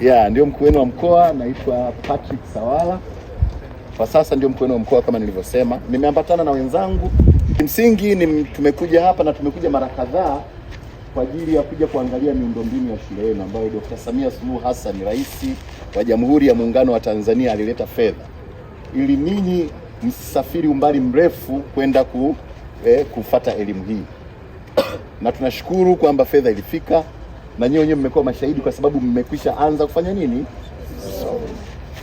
Yeah, ndio mkuu wenu wa mkoa, naitwa Patrick Sawala. Kwa sasa ndio mkuu wenu wa mkoa kama nilivyosema. Nimeambatana na wenzangu. Kimsingi ni tumekuja hapa na tumekuja mara kadhaa kwa ajili ya kuja kuangalia miundombinu ya shule yenu ambayo Dr. Samia Suluhu Hassan, Rais wa Jamhuri ya Muungano wa Tanzania, alileta fedha ili ninyi msafiri umbali mrefu kwenda ku, eh, kufata elimu hii na tunashukuru kwamba fedha ilifika na nyinyi wenyewe mmekuwa mashahidi kwa sababu mmekwisha anza kufanya nini?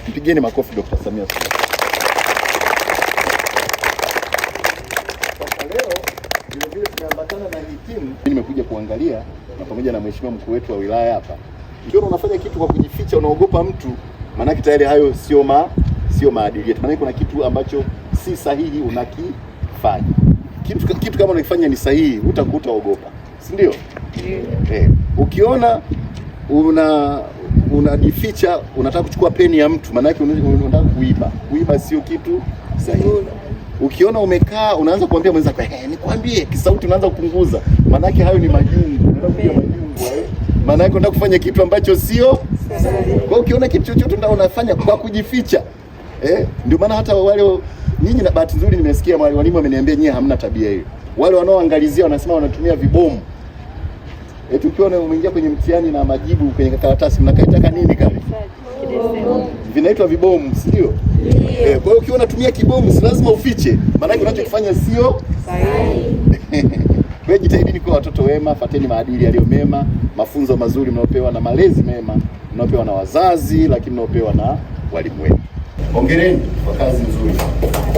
mpigeni makofi Dr. Samia Suluhu. Nimekuja kuangalia na pamoja na mheshimiwa mkuu wetu wa wilaya hapa. Ukiona unafanya kitu kwa kujificha, unaogopa mtu, maanake tayari hayo sio ma sio maadili yetu, maanake kuna kitu ambacho si sahihi unakifanya. Kitu, kitu kama unakifanya ni sahihi, utakuta ogopa, si ndio? Yeah. Hey. Ukiona una unajificha unataka kuchukua peni ya mtu, maana yake unataka kuiba. Kuiba sio kitu sahihi. Ukiona umekaa unaanza kuambia mwenzako eh, nikwambie, kisauti unaanza kupunguza, maana yake hayo ni majungu, maana yake unataka kufanya kitu ambacho sio sahihi. Kwa ukiona kitu chochote ndio unafanya kwa kujificha eh, ndio maana hata wale nyinyi, na bahati nzuri nimesikia mwalimu ameniambia nyinyi hamna tabia hiyo. Wale wanaoangalizia wanasema wanatumia vibomu eti eh, ukiona umeingia kwenye mtihani na majibu kwenye karatasi mnakaitaka nini kale? Vinaitwa vibomu, si ndio? Eh, kwa hiyo ukiwa unatumia kibomu si lazima ufiche, maanake unachokifanya sio sahihi. Wewe jitahidini kuwa watoto wema, fateni maadili yaliyo mema, mafunzo mazuri mnayopewa na malezi mema mnayopewa na wazazi, lakini mnayopewa na walimu wenu. Hongereni kwa kazi nzuri.